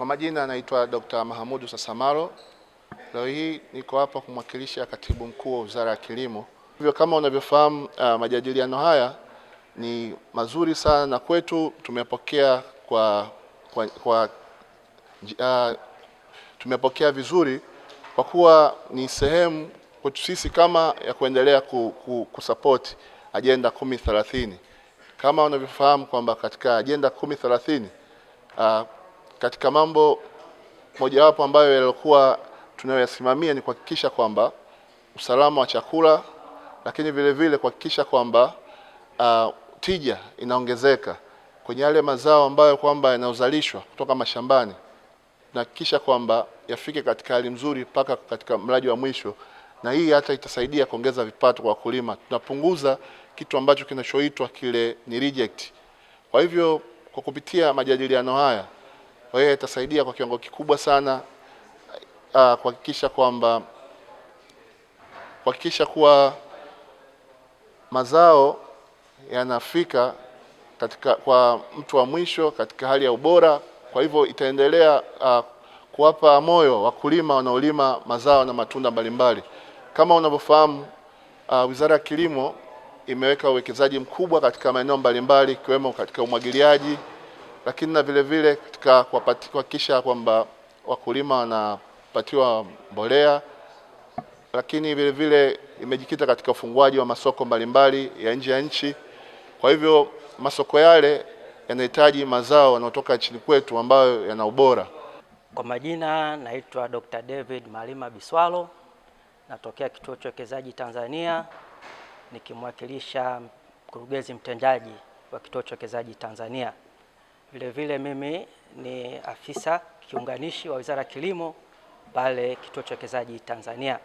Kwa majina anaitwa Dr. Mahamudu Sasamaro. Leo hii niko hapa kumwakilisha katibu mkuu wa Wizara ya Kilimo. Hivyo kama unavyofahamu, uh, majadiliano haya ni mazuri sana na kwetu tumepokea kwa, kwa, kwa uh, tumepokea vizuri kwa kuwa ni sehemu kwetu sisi kama ya kuendelea ku, ku, kusapoti ajenda kumi thelathini. Kama unavyofahamu kwamba katika ajenda kumi thelathini uh, katika mambo mojawapo ambayo yalikuwa tunayoyasimamia ni kuhakikisha kwamba usalama wa chakula, lakini vile vile kuhakikisha kwamba uh, tija inaongezeka kwenye yale mazao ambayo kwamba yanazalishwa kutoka mashambani, tunahakikisha kwamba yafike katika hali nzuri mpaka katika mlaji wa mwisho, na hii hata itasaidia kuongeza vipato kwa wakulima. Tunapunguza kitu ambacho kinachoitwa kile ni reject. Kwa hivyo kwa kupitia majadiliano haya kwa hiyo itasaidia kwa kiwango kikubwa sana uh, kuhakikisha kwamba kuhakikisha kuwa mazao yanafika katika kwa mtu wa mwisho katika hali ya ubora. Kwa hivyo itaendelea uh, kuwapa moyo wakulima wanaolima mazao na matunda mbalimbali. Kama unavyofahamu uh, Wizara ya Kilimo imeweka uwekezaji mkubwa katika maeneo mbalimbali ikiwemo katika umwagiliaji lakini na vile vile katika kuhakikisha kwamba wakulima wanapatiwa mbolea, lakini vile vile imejikita katika ufunguaji wa masoko mbalimbali ya nje ya nchi. Kwa hivyo masoko yale yanahitaji mazao yanayotoka chini kwetu ambayo yana ubora. Kwa majina naitwa Dr. David Malima Biswalo, natokea Kituo cha Uwekezaji Tanzania nikimwakilisha mkurugenzi mtendaji wa Kituo cha Uwekezaji Tanzania. Vilevile mimi ni afisa kiunganishi wa Wizara ya Kilimo pale Kituo cha Uwekezaji Tanzania.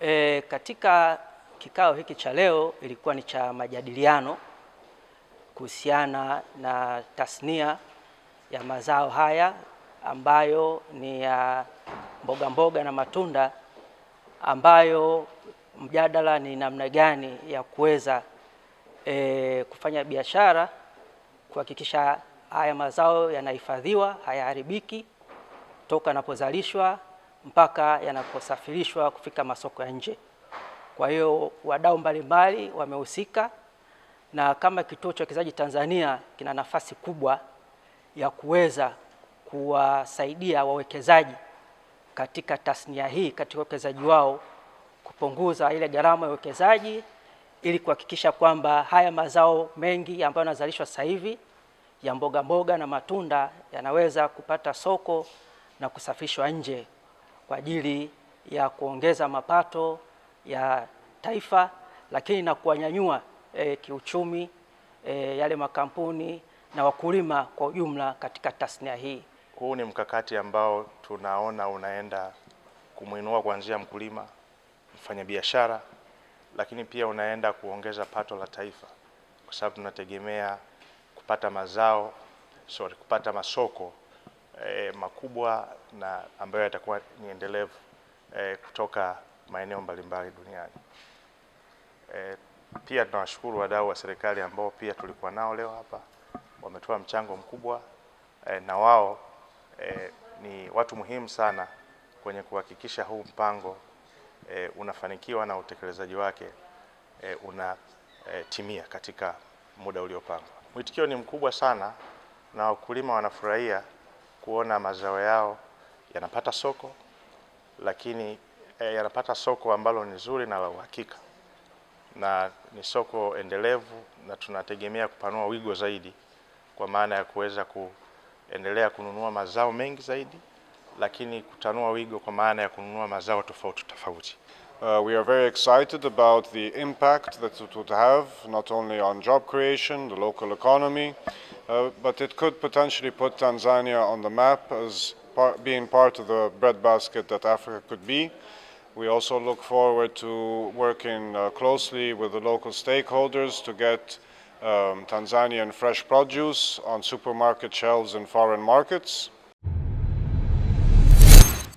E, katika kikao hiki cha leo ilikuwa ni cha majadiliano kuhusiana na tasnia ya mazao haya ambayo ni ya mboga mboga na matunda ambayo mjadala ni namna gani ya kuweza e, kufanya biashara kuhakikisha haya mazao yanahifadhiwa, hayaharibiki toka yanapozalishwa mpaka yanaposafirishwa kufika masoko ya nje. Kwa hiyo wadau mbalimbali wamehusika, na kama Kituo cha Uwekezaji Tanzania kina nafasi kubwa ya kuweza kuwasaidia wawekezaji katika tasnia hii katika uwekezaji wao, kupunguza ile gharama ya uwekezaji ili kuhakikisha kwamba haya mazao mengi ambayo yanazalishwa sasa hivi ya mboga mboga na matunda yanaweza kupata soko na kusafishwa nje kwa ajili ya kuongeza mapato ya taifa, lakini na kuwanyanyua e, kiuchumi e, yale makampuni na wakulima kwa ujumla katika tasnia hii. Huu ni mkakati ambao tunaona unaenda kumwinua kuanzia mkulima, mfanyabiashara, lakini pia unaenda kuongeza pato la taifa kwa sababu tunategemea kupata mazao sorry, kupata masoko eh, makubwa na ambayo yatakuwa ni endelevu eh, kutoka maeneo mbalimbali duniani. Eh, pia tunawashukuru wadau wa serikali ambao pia tulikuwa nao leo hapa, wametoa mchango mkubwa eh, na wao eh, ni watu muhimu sana kwenye kuhakikisha huu mpango eh, unafanikiwa na utekelezaji wake eh, unatimia eh, katika muda uliopangwa. Mwitikio ni mkubwa sana na wakulima wanafurahia kuona mazao yao yanapata soko, lakini eh, yanapata soko ambalo ni zuri na la uhakika na ni soko endelevu, na tunategemea kupanua wigo zaidi kwa maana ya kuweza kuendelea kununua mazao mengi zaidi, lakini kutanua wigo kwa maana ya kununua mazao tofauti tofauti. Uh, we are very excited about the impact that it would have, not only on job creation, the local economy, uh, but it could potentially put Tanzania on the map as par being part of the breadbasket that Africa could be. We also look forward to working uh, closely with the local stakeholders to get um, Tanzanian fresh produce on supermarket shelves in foreign markets.